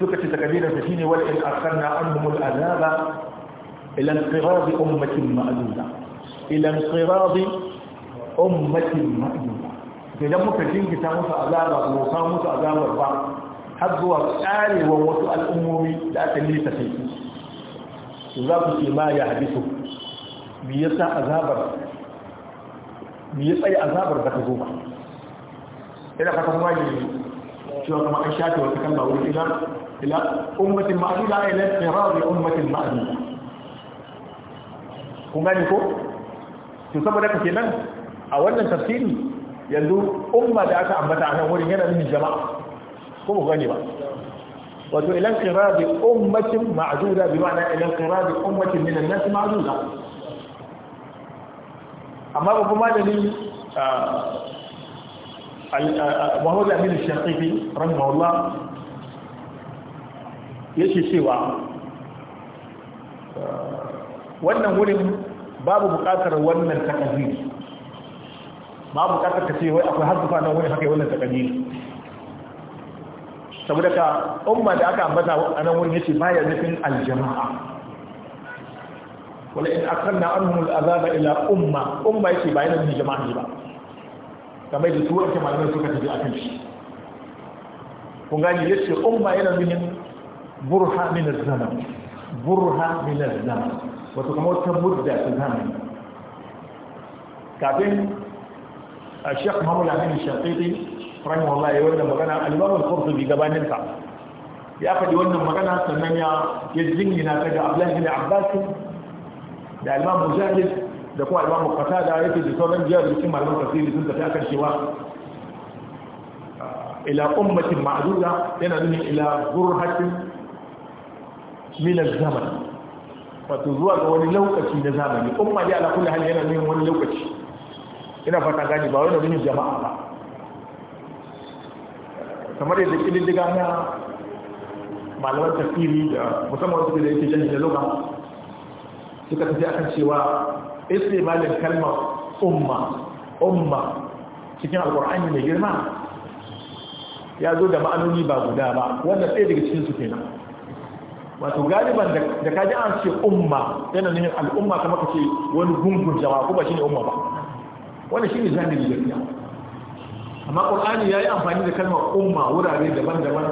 A: suka ce takadirin sa shine wal in akharna anhum al azaba ila inqirad ummatin ma'duda ila inqirad ummatin ma'duda idan muka jinkita musu azaba ko sa musu azabar ba har zuwa karewar wasu al'ummomi da aka lita sai su za ku ce ma ya hadisu me yasa azabar me ya tsaye azabar ba ta zo ba ina fata kuma ne cewa kuma an shafe wata kalma wurin ila ila ummatin ma'adila ila tsirari ummatin ma'adila kun gani ko to saboda ka nan a wannan tafsiri yanzu umma da aka ambata a nan wurin yana nufin jama'a ko ba gani ba wato ila tsirari ummatin ma'adila bi ma'ana ila tsirari ummatin minan nas ma'adila amma kuma da ni muhammadu aminu shafifi rahimahullah ya ce cewa ah, wannan wurin babu bukatar wannan takaziri babu bukatar ka ce wai akwai harzufa nan wurin haka yi wannan takaziri saboda ka umma da aka ambata a nan wurin ya ce baya nufin aljama'a wala in akanna anhum al'azaba ila umma umma yake ba yana jama'a ne ba kamar da su wanda malamai ka tafi a kan shi kun gani yace umma yana nufin burha min az-zaman burha min az-zaman wato kamar ta mudda ta zamani kafin a shek mahmud amin shaqiqi rahimahullah ya wannan magana al-imam al-qurtubi gabanin ka, ya faɗi wannan magana sannan ya ya jingina ta abdullahi bin abbas da alimamu jahil da kuma al-imam qatada yake da sauran jiya da cikin malaman tafsiri sun tafi akan cewa ah, ila ummatin ma'duda yana nufin ila burhatin min az-zaman wato zuwa ga wani lokaci na zamani umma ya ala kulli hal yana nufin wani lokaci ina fata gani ba wani nufin jama'a ba kamar yadda diga na malamar tafsiri da musamman su da yake jami'a da lokaci suka tafi akan cewa istimalin kalmar umma umma cikin alkur'ani mai girma ya zo da ma'anoni ba guda ba wannan tsaye daga cikin su kenan wato galiban da kaji an ce umma yana nufin al'umma kuma ka ce wani gungun jama'a ko ba ne umma ba wannan shine zamiri gaskiya amma ya yi amfani da kalmar umma wurare daban-daban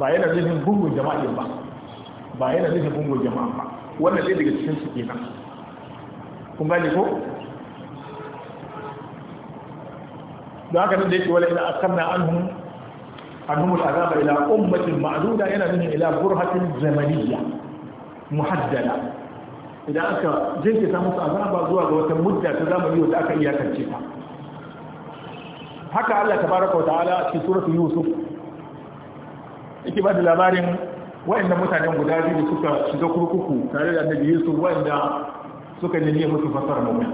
A: ba yana nufin gungun jama'a ba ba yana nufin gungun jama'a ba wannan ɗaya daga cikin su kenan kun gane ko da haka nan da yake wala ila akamna anhum anhum al'azaba ila ummatin ma'duda yana nufin ila burhatin zamaniyya muhaddala idan aka jinkirta musu azaba zuwa ga wata mudda ta zamani wanda aka iyakance ta haka Allah tabaraka wa ta'ala a cikin suratul yusuf yake ba da labarin wa'anda mutanen guda biyu da suka shiga kurkuku tare da annabi Yusuf wa'anda suka nemi musu fasara mu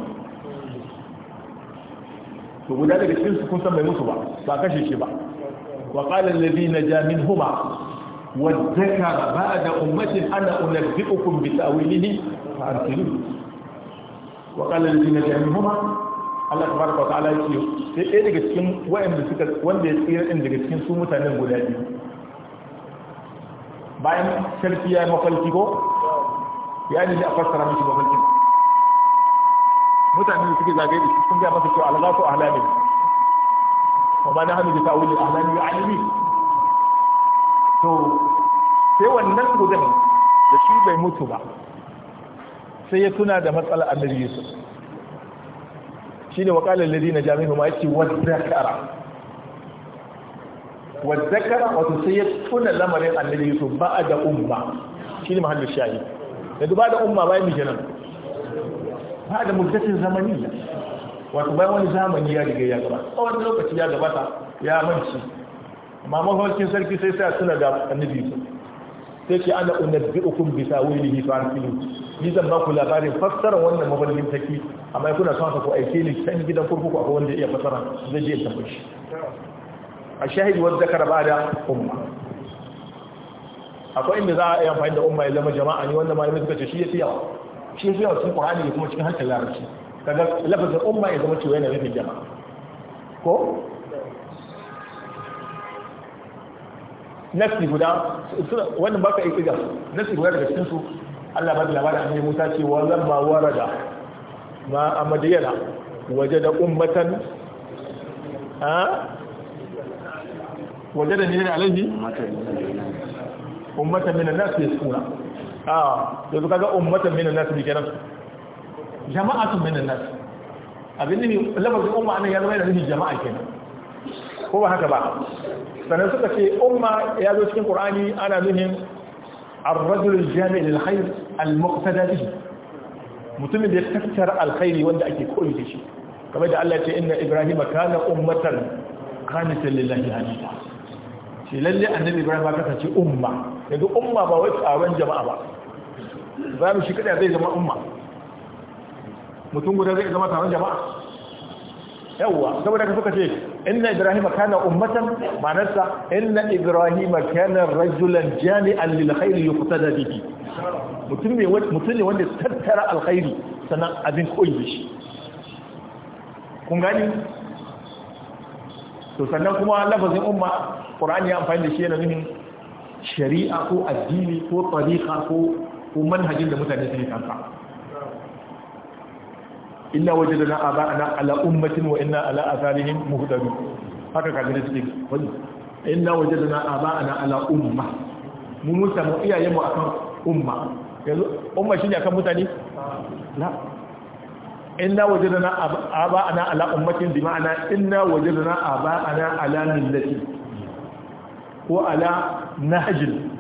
A: to guda daga cikin su kun san bai musu ba ba kashe shi ba wa qala alladhi naja minhuma wa dhakara ba'da ummati ana unabbi'ukum bi ta'wilihi fa arsilun wa qala alladhi naja minhuma Allah tabaraka wa ta'ala ya ce sai daga cikin wa'anda suka wanda ya tsira din daga cikin su mutanen guda biyu bayan sarki ya yi mafalki ko ya ne a fassara shi mafalki. mutane da suke zagaye da sun gaya masa cewa alghasu a wa ba na hannu da ta'awuli ahlami ya alimi to sai wannan gudan da shi bai mutu ba sai ya tuna da matsalar annabi yusuf shine ne qala alladhina jami'u ma yati wa dhakara wa zakara wato sai ya tuna lamarin annabi yusuf ba da umma shine mahallin shahi yanzu ba da umma bayan mijinan ba da muddatin zamaniya wato bayan wani zamani ya riga ya gabata wani lokaci ya gabata ya manci amma mafarkin sarki sai sai suna da annabi yusuf sai ce ana unabbi'ukum bi tawilihi fa anfilu ni zan ba ku labarin fassara wannan mafarkin take amma kuna son ku aike ni can gidan kurkuku akwai wanda ya iya fassara zai je ya tafi a والذكر بعد zakara ba umma akwai inda za a yi amfani da umma ya zama jama'a ne wanda malamin suka ce shi ya fi shi ya fi wasu cikin ƙwari kuma cikin harshen larabci kaga lafazin umma ya zama cewa yana rufin jama'a ko nasi guda wannan baka yi kiga nasi guda daga cikin su Allah bada da labarin annabi Musa ce wa zan lamma warada ma waje wajada ummatan waje da nini alaihi ummata min an-nas yasuna ah duka ga ummata min an-nas bi kenan jama'atu min an-nas abin ne lafazin umma anan ya zama da nufin jama'a kenan ko ba haka ba sannan suka ce umma ya zo cikin qur'ani ana nufin الرجل الجامع للخير المقتدى به mutumin da ya tattara alkhairi wanda ake koyi da shi kamar da Allah ya ce inna ibrahima kana ummatan qanitan lillahi hanifa ce lalle annabi ibrahim ba kasance umma daga umma ba wai tsaron jama'a ba za mu shi kada zai zama umma mutum guda zai zama taron jama'a yawwa saboda ka suka ce inna ibrahim kana ummatan manarsa inna ibrahim kana rajulan jami'an lil khair yuqtada bihi mutum ne mutum ne wanda tattara alkhairi sanan abin koyi shi kun gani to sannan kuma lafazin umma qur'ani ya amfani da shi yana nufin shari'a ko addini ko tariqa ko ko manhajin da mutane suke kanka inna wajadna aba'ana ala ummatin wa inna ala atharihim muhtadun haka kaga suke wani inna wajadna aba'ana ala umma mu mutum iyayen mu akan umma yanzu umma shine akan mutane na inna wajadna aba'ana ala ummatin bi ma'ana inna wajadna aba'ana ala millati ko ala nahjin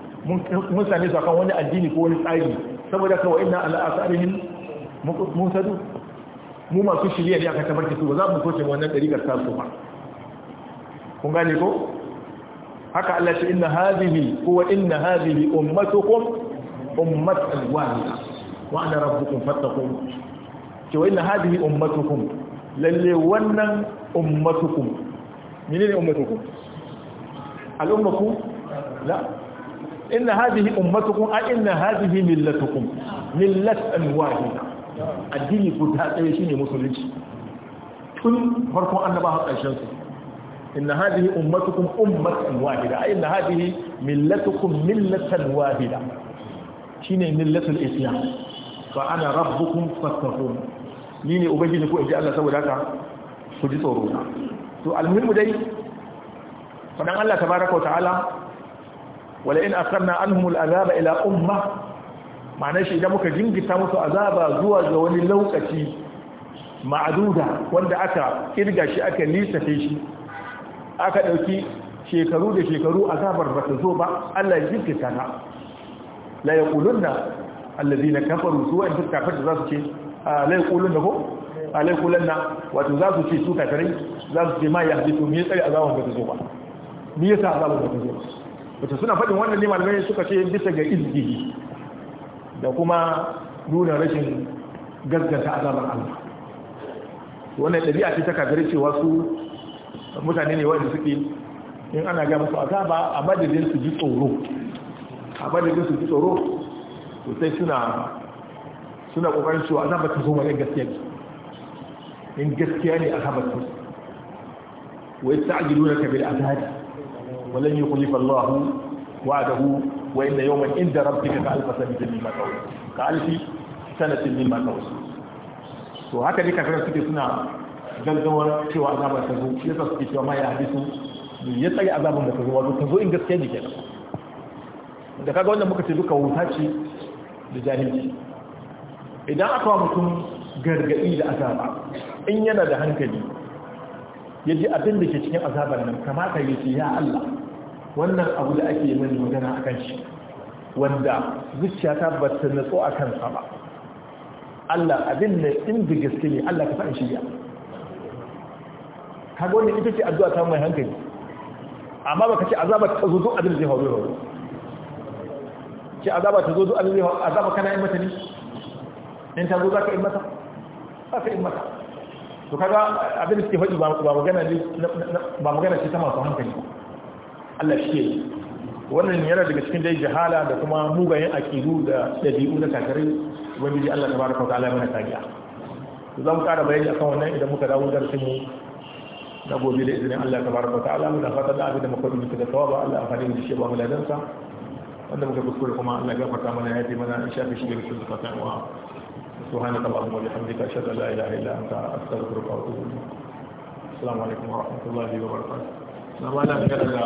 A: mun sami su akan wani addini ko wani tsari saboda kawai inna ala asarihim mutadu mu masu shirya ne aka tabarki su ba za mu soke wannan dariƙar tasu ba kun gane ko haka Allah ce inna hadhihi huwa inna hadhihi ummatukum ummatan wahida wa ana rabbukum fattaqun ina inna hadhihi ummatukum lalle wannan ummatukum menene ummatukum al'ummakum la inna hadhihi ummatukum a inna hadhihi millatukum millatan wahida addini guda ɗaya ne musulunci tun farkon annabawa ƙarshen su إن هذه أمتكم أمة واحدة أي إن هذه ملتكم ملة واحدة شين Islam الإسلام ana ربكم فاتقون ni ne ubangiji ko inji Allah saboda haka ku ji tsoro na to almuhimu dai fadan Allah tabaraka ta'ala wala in akharna anhum al'azaba ila umma ma'ana shi idan muka jingita musu azaba zuwa ga wani lokaci ma'aduda wanda aka kirga shi aka lissafe shi aka dauki shekaru da shekaru azabar ba ta zo ba Allah ya jinkita ta la yaqulunna alladhina kafaru su'an tukafir za su ce alai da ko alai kulun na wato za su ce su kafirai za su ce ma ya hadisu me tsare azaban ba ta zo ba me yasa azaban ba ta zo ba wato suna faɗin wannan ne malamai suka ce bisa ga izgigi da kuma nuna rashin gaskata azaban Allah wannan ɗabi'a ce ta kafirai cewa su mutane ne wanda suke in ana ga musu zaba a madadin su ji tsoro a madadin su ji tsoro to sai suna suna kokarin cewa azabar ta zo mai yan gaskiya ne in gaskiya ne azabar ta wa yasta'jilunaka bil azab wa lan yukhlifa Allah wa'dahu wa inna yawman inda rabbika ka alfa sanatin mimma ta'ud ka alfi sanatin mimma ta'ud to haka ne kafirai suke suna gaggawar cewa azabar ta zo ya suke cewa ma ya hadisu ya tsaye azabin da ta zo wato ta zo in gaskiya ne kenan da kaga wannan muka ce duka wuta ce da jahilci idan aka wa mutum gargaɗi da azaba in yana da hankali ya ji abin da ke cikin azabar nan kamata ya ce ya Allah wannan abu da ake yi mani magana a kan shi wanda zuciyata ba ta natsu a kansa ba Allah abin da inda gaske ne Allah ka fa'in shirya Ka wannan ita ce addu'a ta mai hankali amma baka ce azabar ta zo zo abin da zai faru ce azabar ta zo zo abin da zai faru azabar kana yin mata ne in ta zo za ka yi mata za ka yi mata to kaga abin da suke faɗi ba magana ne ba magana ce ta masu hankali Allah shi ke wannan yana daga cikin dai jahala da kuma mugayen aqidu da dabi'u na kafirai wanda Allah tabaraka wa ta'ala mana tagiya za mu kara bayani akan wannan idan muka dawo darasin mu na gobe da izinin Allah tabaraka wa ta'ala mu da fatan da abin da muka rubuta da tawaba Allah amfani da shi ba mu ladansa wanda muka kuskure kuma Allah ya gafarta mana ya yi mana in shafe shi da cikin zakatan wa سبحانك اللهم وبحمدك أشهد أن لا إله إلا أنت أستغفرك وأتوب إليك السلام عليكم ورحمة الله وبركاته نما لا غير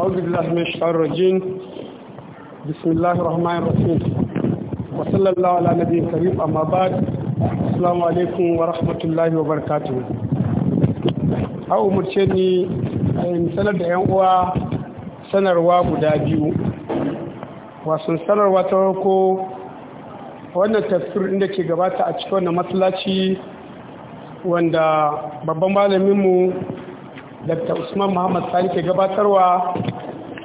C: أعوذ بالله من الشيطان الرجيم بسم الله الرحمن الرحيم وصلى الله على نبي الكريم أما بعد السلام عليكم ورحمة الله وبركاته umarce ni in sanar da 'yan uwa sanarwa guda biyu wasan sanarwa ta farko wannan tafsir inda ke gabata a cikin wannan matsalaci wanda babban malaminmu dr usman muhammad sani ke gabatarwa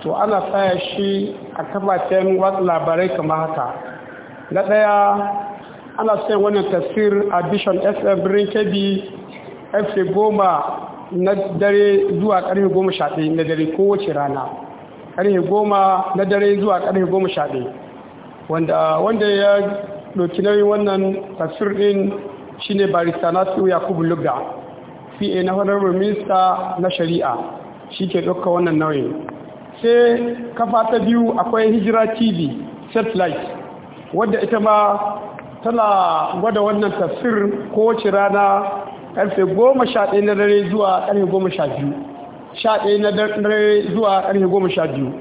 C: to ana saya shi a kafafen watsa labarai kamar haka na ɗaya ana sai wannan tafsir a bishon sm birnin kebbi fc goma na dare zuwa karfe goma sha ɗaya na dare kowace rana karfe goma na dare zuwa karfe goma sha ɗaya wanda ya ɗauki nauyin wannan tafsir ɗin shine barista nasu yakubu lugga fiye na honorable minista na shari'a shi ke ɗauka wannan nauyin sai kafa ta biyu akwai hijira tv satellite wadda ita ma tana gwada wannan tafsir kowace rana karfe goma sha ɗaya na dare zuwa karfe goma sha biyu sha ɗaya na dare zuwa karfe goma sha biyu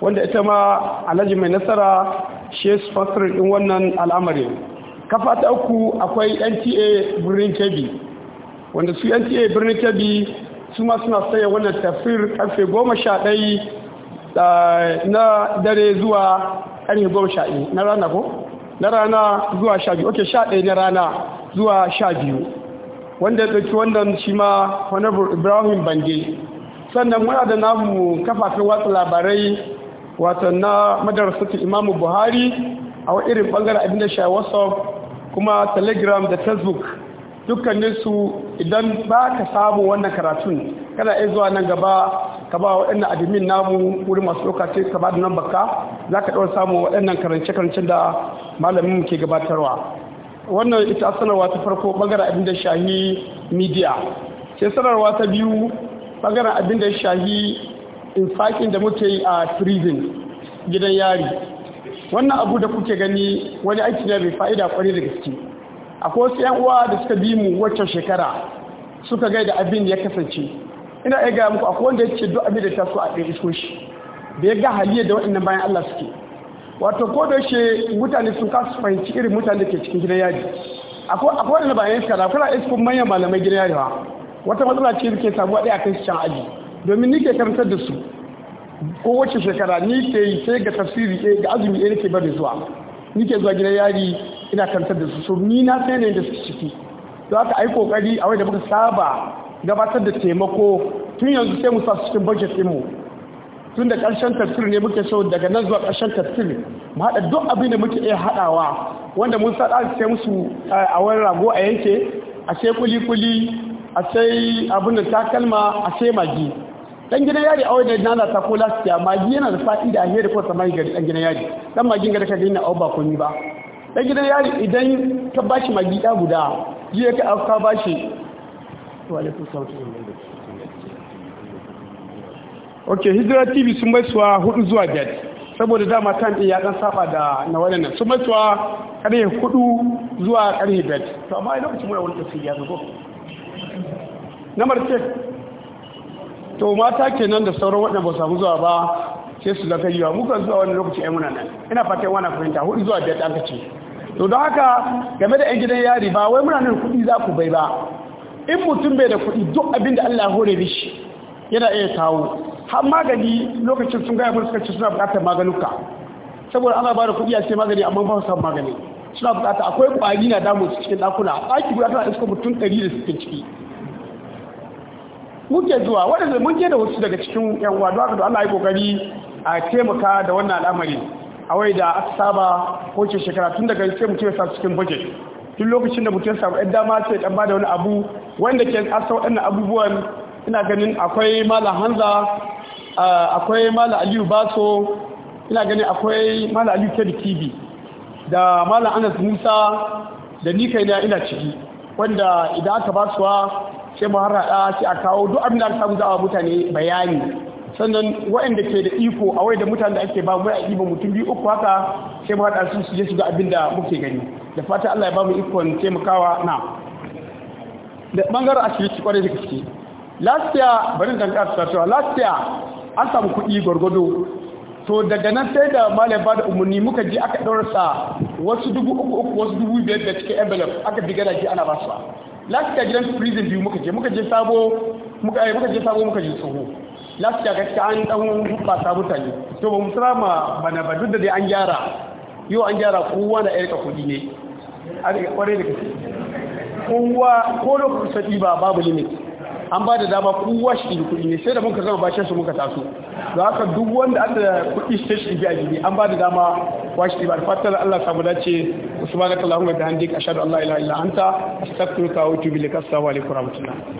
C: wanda ita ma alhaji mai nasara shi su fasirin ɗin wannan al'amari kafa ta uku akwai nta birnin kebbi wanda su nta birnin kebbi su ma suna saya wannan tafsir karfe goma sha ɗaya eh, na dare zuwa ƙarfe goma sha na rana ko na rana zuwa sha biyu ok sha ɗaya na rana zuwa sha biyu wanda ya ɗauki wannan shi ma honorable ibrahim bange sannan muna da namu kafafen watsa labarai wato na madarasatul imamu buhari a wa irin bangaren abin da shaya whatsapp kuma telegram da facebook dukkaninsu idan ba ka samu wannan karatun kana iya zuwa nan gaba ka ba waɗannan admin namu wurin masu lokaci ka ba da nan baka za ka ɗaura samun waɗannan karance karance da malamin mu ke gabatarwa wannan ita sanarwa ta farko ɓangaren abin da shahi media sai sanarwa ta biyu ɓangaren abin da shahi infakin da muke yi a prison gidan yari wannan abu da kuke gani wani aiki ne mai fa'ida kwarai da gaske akwai wasu 'yan uwa da suka bi mu waccan shekara suka gaida abin ya kasance ina ya gaya muku akwai wanda ya ce abin da ta a ɗaya isko shi da ya ga haliya da waɗannan bayan Allah suke wato ko da shi mutane sun kasu fahimci irin mutane da ke cikin gidan yaji akwai waɗanda bayan iska da kuna iskun manyan malamai gidan yaji ba wata matsala ce ke samu ɗaya kan su can aji domin ni ke karantar da su ko wacce shekara ni ke yi sai ga tafsiri eh, ga azumi ɗaya eh, nake bari zuwa ni ke zuwa gidan yari ina karantar da su so ni na sai ne da su ciki don haka ai kokari a wai da muka saba gabatar da taimako tun yanzu sai mu sasu cikin budget mu tun da ƙarshen tafsir ne muke so daga nan zuwa ƙarshen tafsir mu haɗa duk abin da muke iya haɗawa wanda mun saɗa sai musu eh, a wani rago a yanke a sai kuli-kuli a sai abin da takalma a sai magi dan gidan yari a wajen nana ta ko lafiya magi yana da faɗi da ahiyar ko samari ga dan gidan yari dan magin ga daga gina auba kun ba dan gidan yari idan ka bashi magi da guda jiya ka aka bashi
D: ok hijira tv sun baisuwa hudu zuwa biyar
C: saboda dama ta hanyar ya ɗan saba da na wadannan sun baisuwa ƙarfe hudu zuwa ƙarfe biyar to amma ina lokacin muna wani ƙasir ya ko. na marke to mata kenan da sauran waɗanda ba samu zuwa ba sai su zaka yiwa mukan zuwa wani lokaci ai muna nan ina fatan wani fahimta hudu zuwa biyar an kace to don haka game da 'yan gidan yari ba wai muna nan kuɗi za ku bai ba in mutum bai da kuɗi duk abin da Allah hore shi yana iya kawo har magani lokacin sun gaya suka ce suna buƙatar maganuka saboda ana ba da kuɗi a ce magani amma ba su magani suna bukata akwai kwari na damu cikin dakuna Aiki guda tana iska mutum ɗari da suke ciki muke zuwa waɗanda mun je da wasu daga cikin yan uwa don haka da Allah ya kokari a taimaka da wannan al'amari a wai da aka saba ko ce shekara tun daga sai mutum ya sa cikin budget tun lokacin da mutum samu ɗan dama ce ɗan bada wani abu wanda ke asa waɗannan abubuwan ina ganin akwai mala hanza akwai mala aliyu baso ina ganin akwai mala aliyu kedi tv da mala anas musa da ni kai na ina ciki wanda idan aka basuwa sai mu harhaɗa sai a kawo duk abin da aka samu za a mutane bayani sannan waɗanda ke da iko a wai da mutane da ake ba mu ya ba mutum biyu uku haka sai mu haɗa su su je su ga abin da muke gani da fata Allah ya ba mu ikon taimakawa na da bangaren asibiti kwarai da gaske last year bari dan ka tsaya last year an samu kuɗi gwargwado to daga nan sai da malam ba da umarni muka je aka sa wasu dubu uku uku wasu dubu biyar da cikin envelope aka da ji ana ba su last gidan gidan prison biyu muka je muka je sabo muka eh, je sabo muka je tsoho lafiya year gaskiya an dan bukata mutane to ba musara ma bana ba duk da dai an gyara yau an gyara kowa na yarka kudi ne a daga kware da kasi kowa ko lokacin sadi ba babu limit an ba da dama kowa shi da kudi ne sai da muka zama bashin su muka taso da haka duk wanda an da kudi shi shi biya gidi an ba da dama washi ba fatan Allah samu dace subhanakallahumma ta ashhadu an la ila illa anta astaghfiruka wa atubu ilaik wa alaikum warahmatullahi